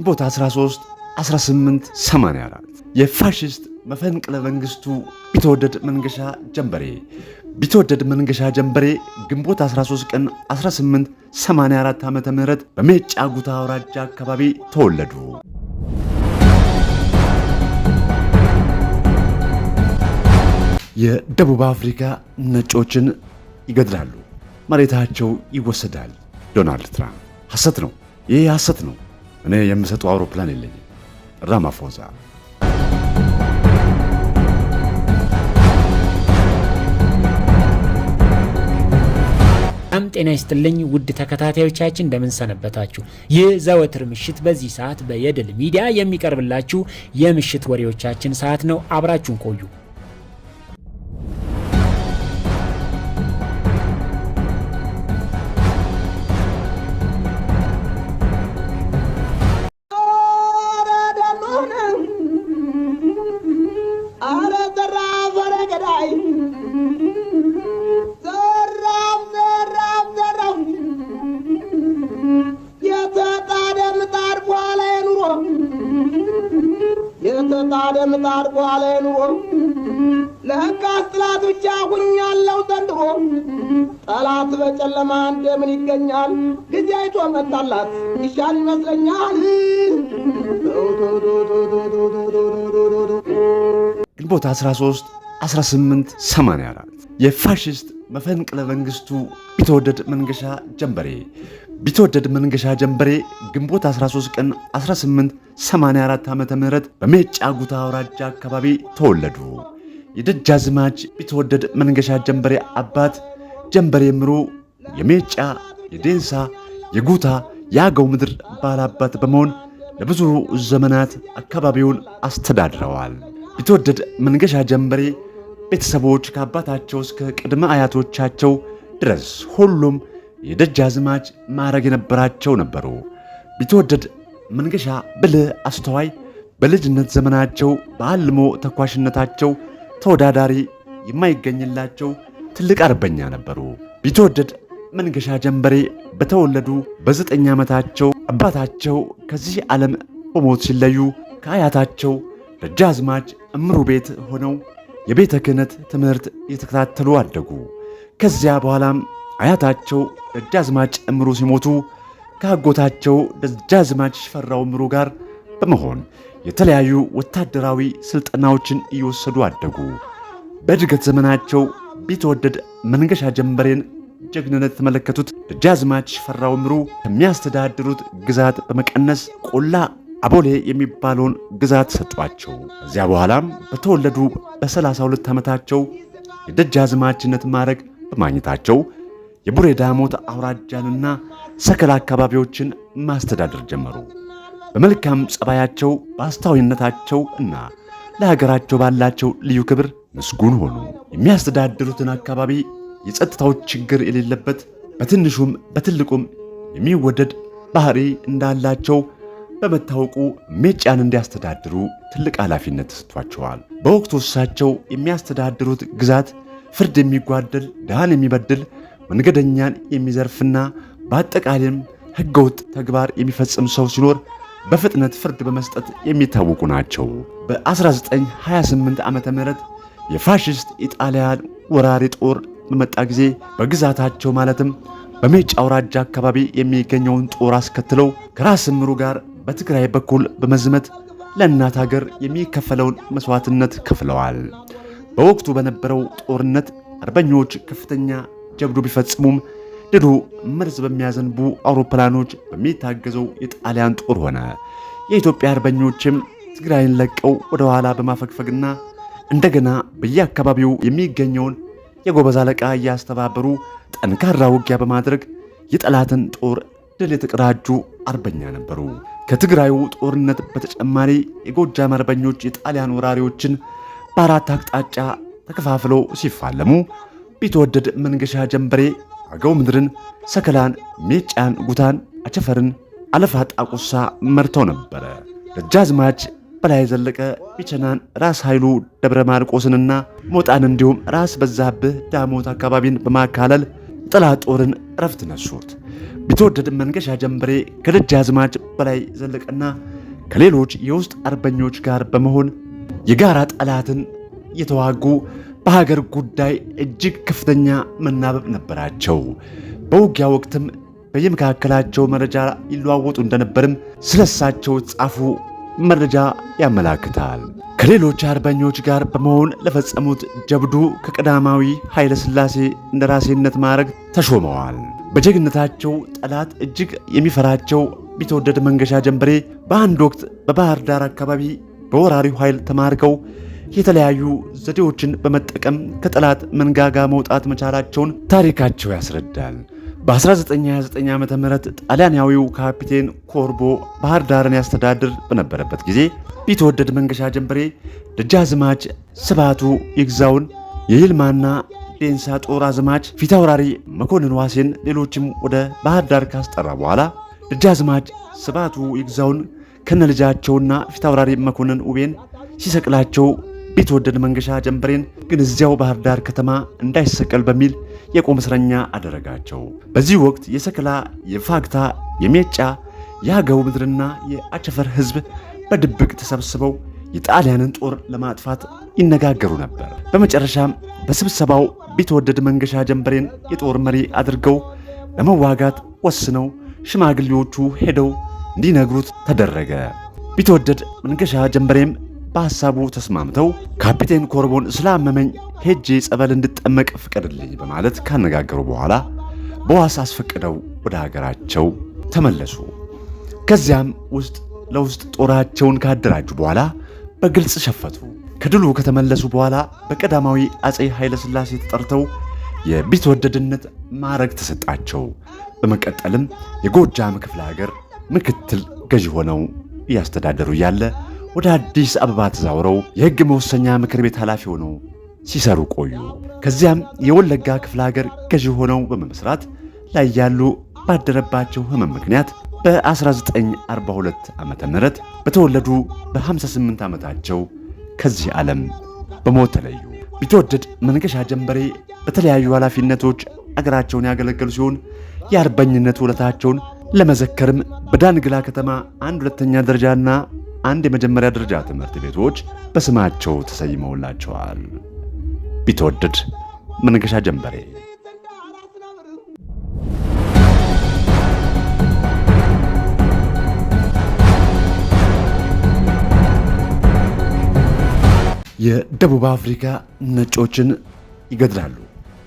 ግንቦት 13 1884 የፋሽስት መፈንቅለ መንግስቱ ቢተወደድ መንገሻ ጀንበሬ ቢተወደድ መንገሻ ጀንበሬ ግንቦት 13 ቀን 1884 ዓ ም በሜጫ ጉታ አውራጃ አካባቢ ተወለዱ። የደቡብ አፍሪካ ነጮችን ይገድላሉ፣ መሬታቸው ይወሰዳል። ዶናልድ ትራምፕ ሐሰት ነው፣ ይህ ሐሰት ነው እኔ የምሰጠው አውሮፕላን የለኝም። ራማፎዛ በጣም ጤና ይስጥልኝ ውድ ተከታታዮቻችን እንደምን ሰነበታችሁ? ይህ ዘወትር ምሽት በዚህ ሰዓት በየድል ሚዲያ የሚቀርብላችሁ የምሽት ወሬዎቻችን ሰዓት ነው። አብራችሁን ቆዩ። ጠጣ ደምጣ አድጎ አለ ኑሮ ለሕግ አስጥላት ብቻ ሁኛለው ዘንድሮ ጠላት በጨለማ እንደምን ይገኛል? ጊዜ አይቶ መጣላት ይሻል ይመስለኛል። ግንቦት 13 18 84 የፋሽስት መፈንቅለ መንግስቱ ቢተወደድ መንገሻ ጀንበሬ ቢተወደድ መንገሻ ጀንበሬ ግንቦት 13 ቀን 1884 ዓ ም በሜጫ ጉታ አውራጃ አካባቢ ተወለዱ። የደጃዝማች ቢተወደድ መንገሻ ጀንበሬ አባት ጀንበሬ ምሩ የሜጫ፣ የዴንሳ፣ የጉታ፣ የአገው ምድር ባላባት በመሆን ለብዙ ዘመናት አካባቢውን አስተዳድረዋል። ቢተወደድ መንገሻ ጀንበሬ ቤተሰቦች ከአባታቸው እስከ ቅድመ አያቶቻቸው ድረስ ሁሉም የደጃዝማች ማዕረግ የነበራቸው ነበሩ። ቢትወደድ መንገሻ ብልህ፣ አስተዋይ፣ በልጅነት ዘመናቸው በአልሞ ተኳሽነታቸው ተወዳዳሪ የማይገኝላቸው ትልቅ አርበኛ ነበሩ። ቢትወደድ መንገሻ ጀንበሬ በተወለዱ በዘጠኝ ዓመታቸው አባታቸው ከዚህ ዓለም በሞት ሲለዩ ከአያታቸው ደጃዝማች እምሩ ቤት ሆነው የቤተ ክህነት ትምህርት እየተከታተሉ አደጉ። ከዚያ በኋላም አያታቸው ደጃዝማች እምሩ ሲሞቱ ከአጎታቸው ደጃዝማች ሽፈራው እምሩ ጋር በመሆን የተለያዩ ወታደራዊ ስልጠናዎችን እየወሰዱ አደጉ። በእድገት ዘመናቸው ቢትወደድ መንገሻ ጀንበሬን ጀግንነት የተመለከቱት ደጃዝማች ሽፈራው እምሩ ከሚያስተዳድሩት ግዛት በመቀነስ ቆላ አቦሌ የሚባለውን ግዛት ሰጧቸው። ከዚያ በኋላም በተወለዱ በ32 ዓመታቸው የደጃዝማችነት ማዕረግ በማግኘታቸው የቡሬ ዳሞት አውራጃንና ሰከላ አካባቢዎችን ማስተዳደር ጀመሩ። በመልካም ጸባያቸው፣ በአስተዋይነታቸው እና ለሀገራቸው ባላቸው ልዩ ክብር ምስጉን ሆኑ። የሚያስተዳድሩትን አካባቢ የጸጥታው ችግር የሌለበት በትንሹም በትልቁም የሚወደድ ባህሪ እንዳላቸው በመታወቁ ሜጫን እንዲያስተዳድሩ ትልቅ ኃላፊነት ተሰጥቷቸዋል። በወቅቱ እሳቸው የሚያስተዳድሩት ግዛት ፍርድ የሚጓደል ድሃን የሚበድል መንገደኛን የሚዘርፍና በአጠቃላይም ህገወጥ ተግባር የሚፈጽም ሰው ሲኖር በፍጥነት ፍርድ በመስጠት የሚታወቁ ናቸው። በ1928 ዓ ም የፋሽስት ኢጣሊያን ወራሪ ጦር በመጣ ጊዜ በግዛታቸው ማለትም በሜጫ አውራጃ አካባቢ የሚገኘውን ጦር አስከትለው ከራስ ምሩ ጋር በትግራይ በኩል በመዝመት ለእናት ሀገር የሚከፈለውን መስዋዕትነት ከፍለዋል። በወቅቱ በነበረው ጦርነት አርበኞች ከፍተኛ ጀብዱ ቢፈጽሙም ድሉ መርዝ በሚያዘንቡ አውሮፕላኖች በሚታገዘው የጣሊያን ጦር ሆነ። የኢትዮጵያ አርበኞችም ትግራይን ለቀው ወደ ኋላ በማፈግፈግና እንደገና በየአካባቢው የሚገኘውን የጎበዝ አለቃ እያስተባበሩ ጠንካራ ውጊያ በማድረግ የጠላትን ጦር ድል የተቀዳጁ አርበኛ ነበሩ። ከትግራዩ ጦርነት በተጨማሪ የጎጃም አርበኞች የጣሊያን ወራሪዎችን በአራት አቅጣጫ ተከፋፍለው ሲፋለሙ ቢትወደድ መንገሻ ጀንበሬ አገው ምድርን፣ ሰከላን፣ ሜጫን፣ ጉታን፣ አቸፈርን፣ አለፋ ጣቁሳ መርተው ነበረ። ደጃዝማች በላይ ዘለቀ ቢቸናን፣ ራስ ኃይሉ ደብረ ማርቆስንና ሞጣን እንዲሁም ራስ በዛብህ ዳሞት አካባቢን በማካለል ጠላት ጦርን እረፍት ነሱት። ቢትወደድም መንገሻ ጀንበሬ ከደጃዝማች በላይ ዘለቀና ከሌሎች የውስጥ አርበኞች ጋር በመሆን የጋራ ጠላትን የተዋጉ በሀገር ጉዳይ እጅግ ከፍተኛ መናበብ ነበራቸው። በውጊያ ወቅትም በየመካከላቸው መረጃ ይለዋወጡ እንደነበርም ስለሳቸው ጻፉ መረጃ ያመላክታል። ከሌሎች አርበኞች ጋር በመሆን ለፈጸሙት ጀብዱ ከቀዳማዊ ኃይለ ሥላሴ እንደራሴነት ማዕረግ ተሾመዋል። በጀግነታቸው ጠላት እጅግ የሚፈራቸው ቢተወደድ መንገሻ ጀንበሬ በአንድ ወቅት በባህር ዳር አካባቢ በወራሪው ኃይል ተማርከው የተለያዩ ዘዴዎችን በመጠቀም ከጠላት መንጋጋ መውጣት መቻላቸውን ታሪካቸው ያስረዳል። በ1929 ዓ ም ጣሊያናዊው ካፒቴን ኮርቦ ባህር ዳርን ያስተዳድር በነበረበት ጊዜ ቢትወደድ መንገሻ ጀንበሬ ደጃዝማች ስባቱ ይግዛውን የይልማና ዴንሳ ጦር አዝማች ፊታውራሪ መኮንን ዋሴን ሌሎችም ወደ ባህር ዳር ካስጠራ በኋላ ደጃዝማች ስባቱ ይግዛውን ከነልጃቸውና ፊታውራሪ መኮንን ውቤን ሲሰቅላቸው ቢትወደድ መንገሻ ጀንበሬን ግን እዚያው ባህር ዳር ከተማ እንዳይሰቀል በሚል የቁም እስረኛ አደረጋቸው። በዚህ ወቅት የሰከላ፣ የፋግታ፣ የሜጫ፣ የአገው ምድርና የአቸፈር ህዝብ በድብቅ ተሰብስበው የጣሊያንን ጦር ለማጥፋት ይነጋገሩ ነበር። በመጨረሻም በስብሰባው ቢትወደድ መንገሻ ጀንበሬን የጦር መሪ አድርገው ለመዋጋት ወስነው ሽማግሌዎቹ ሄደው እንዲነግሩት ተደረገ። ቢትወደድ መንገሻ ጀንበሬም በሐሳቡ ተስማምተው ካፒቴን ኮርቦን ስላመመኝ ሄጄ ጸበል እንድጠመቅ ፍቀድልኝ በማለት ካነጋገሩ በኋላ በዋስ አስፈቅደው ወደ ሀገራቸው ተመለሱ። ከዚያም ውስጥ ለውስጥ ጦራቸውን ካደራጁ በኋላ በግልጽ ሸፈቱ። ከድሉ ከተመለሱ በኋላ በቀዳማዊ አፄ ኃይለሥላሴ ተጠርተው የቢትወደድነት ማዕረግ ተሰጣቸው። በመቀጠልም የጎጃም ክፍለ ሀገር ምክትል ገዢ ሆነው እያስተዳደሩ እያለ ወደ አዲስ አበባ ተዛውረው የሕግ መወሰኛ ምክር ቤት ኃላፊ ሆነው ሲሰሩ ቆዩ። ከዚያም የወለጋ ክፍለ ሀገር ገዢ ሆነው በመመስራት ላይ ያሉ ባደረባቸው ህመም ምክንያት በ1942 ዓ ም በተወለዱ በ58 ዓመታቸው ከዚህ ዓለም በሞት ተለዩ። ቢትወደድ መንገሻ ጀንበሬ በተለያዩ ኃላፊነቶች አገራቸውን ያገለገሉ ሲሆን የአርበኝነት ውለታቸውን ለመዘከርም በዳንግላ ከተማ አንድ ሁለተኛ ደረጃና አንድ የመጀመሪያ ደረጃ ትምህርት ቤቶች በስማቸው ተሰይመውላቸዋል። ቢትወደድ መንገሻ ጀንበሬ የደቡብ አፍሪካ ነጮችን ይገድላሉ፣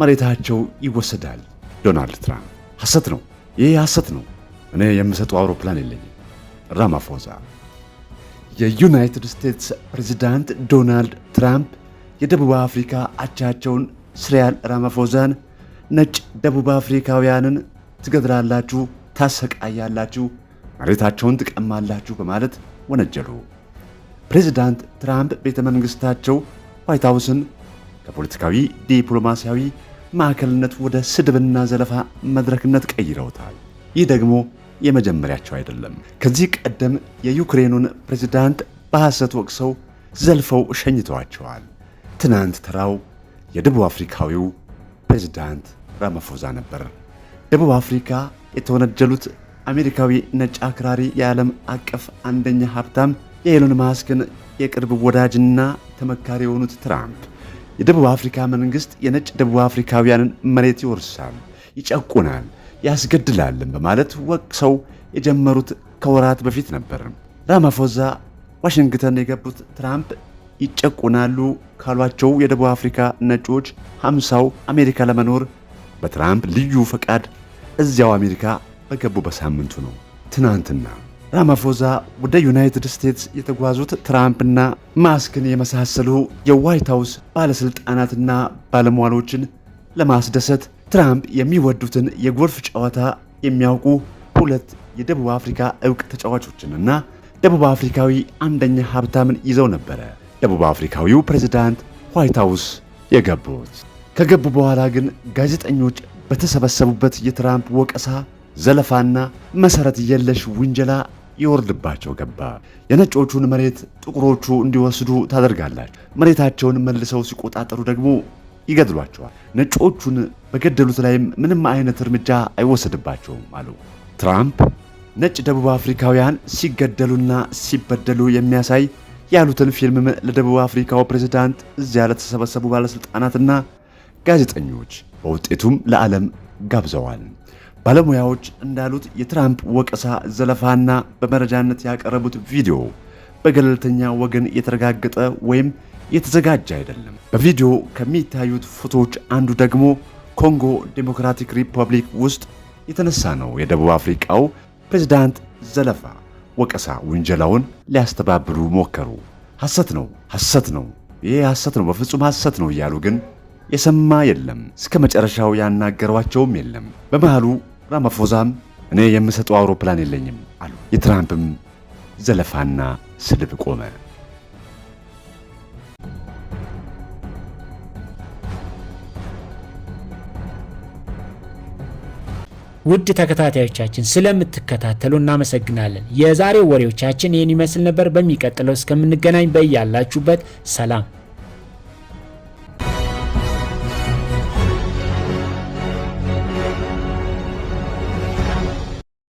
መሬታቸው ይወሰዳል። ዶናልድ ትራምፕ ሐሰት ነው፣ ይህ ሐሰት ነው። እኔ የምሰጠው አውሮፕላን የለኝም። ራማፎዛ የዩናይትድ ስቴትስ ፕሬዚዳንት ዶናልድ ትራምፕ የደቡብ አፍሪካ አቻቸውን ሲሪል ራማፎዛን ነጭ ደቡብ አፍሪካውያንን ትገድላላችሁ፣ ታሰቃያላችሁ፣ መሬታቸውን ትቀማላችሁ በማለት ወነጀሉ። ፕሬዚዳንት ትራምፕ ቤተ መንግሥታቸው ዋይት ከፖለቲካዊ ዲፕሎማሲያዊ ማዕከልነት ወደ ስድብና ዘለፋ መድረክነት ቀይረውታል። ይህ ደግሞ የመጀመሪያቸው አይደለም። ከዚህ ቀደም የዩክሬኑን ፕሬዝዳንት በሐሰት ወቅሰው ዘልፈው ሸኝተዋቸዋል። ትናንት ተራው የደቡብ አፍሪካዊው ፕሬዝዳንት ራማፎዛ ነበር። ደቡብ አፍሪካ የተወነጀሉት አሜሪካዊ ነጭ አክራሪ የዓለም አቀፍ አንደኛ ሀብታም የኤሎን ማስክን የቅርብ ወዳጅና ተመካሪ የሆኑት ትራምፕ የደቡብ አፍሪካ መንግሥት የነጭ ደቡብ አፍሪካውያንን መሬት ይወርሳል፣ ይጨቁናል ያስገድላልን በማለት ወቅሰው የጀመሩት ከወራት በፊት ነበር። ራማፎዛ ዋሽንግተን የገቡት ትራምፕ ይጨቁናሉ ካሏቸው የደቡብ አፍሪካ ነጮች ሃምሳው አሜሪካ ለመኖር በትራምፕ ልዩ ፈቃድ እዚያው አሜሪካ በገቡ በሳምንቱ ነው። ትናንትና ራማፎዛ ወደ ዩናይትድ ስቴትስ የተጓዙት ትራምፕና ማስክን የመሳሰሉ የዋይት ሃውስ ባለሥልጣናትና ባለሟሎችን ለማስደሰት ትራምፕ የሚወዱትን የጎልፍ ጨዋታ የሚያውቁ ሁለት የደቡብ አፍሪካ እውቅ ተጫዋቾችንና ደቡብ አፍሪካዊ አንደኛ ሀብታምን ይዘው ነበረ ደቡብ አፍሪካዊው ፕሬዝዳንት ዋይት ሀውስ የገቡት። ከገቡ በኋላ ግን ጋዜጠኞች በተሰበሰቡበት የትራምፕ ወቀሳ፣ ዘለፋና መሰረት የለሽ ውንጀላ ይወርድባቸው ገባ። የነጮቹን መሬት ጥቁሮቹ እንዲወስዱ ታደርጋላችሁ፣ መሬታቸውን መልሰው ሲቆጣጠሩ ደግሞ ይገድሏቸዋል። ነጮቹን በገደሉት ላይም ምንም አይነት እርምጃ አይወሰድባቸውም አሉ ትራምፕ። ነጭ ደቡብ አፍሪካውያን ሲገደሉና ሲበደሉ የሚያሳይ ያሉትን ፊልምም ለደቡብ አፍሪካው ፕሬዝዳንት፣ እዚያ ለተሰበሰቡ ባለሥልጣናትና ጋዜጠኞች በውጤቱም ለዓለም ጋብዘዋል። ባለሙያዎች እንዳሉት የትራምፕ ወቀሳ ዘለፋና በመረጃነት ያቀረቡት ቪዲዮ በገለልተኛ ወገን የተረጋገጠ ወይም የተዘጋጀ አይደለም። በቪዲዮ ከሚታዩት ፎቶዎች አንዱ ደግሞ ኮንጎ ዴሞክራቲክ ሪፐብሊክ ውስጥ የተነሳ ነው። የደቡብ አፍሪካው ፕሬዝዳንት ዘለፋ፣ ወቀሳ፣ ውንጀላውን ሊያስተባብሉ ሞከሩ። ሐሰት ነው፣ ሐሰት ነው፣ ይህ ሐሰት ነው፣ በፍጹም ሐሰት ነው እያሉ ግን የሰማ የለም። እስከ መጨረሻው ያናገሯቸውም የለም። በመሃሉ ራማፎዛም እኔ የምሰጠው አውሮፕላን የለኝም አሉ። የትራምፕም ዘለፋና ስድብ ቆመ። ውድ ተከታታዮቻችን ስለምትከታተሉ እናመሰግናለን። የዛሬው ወሬዎቻችን ይህን ይመስል ነበር። በሚቀጥለው እስከምንገናኝ በያላችሁበት ሰላም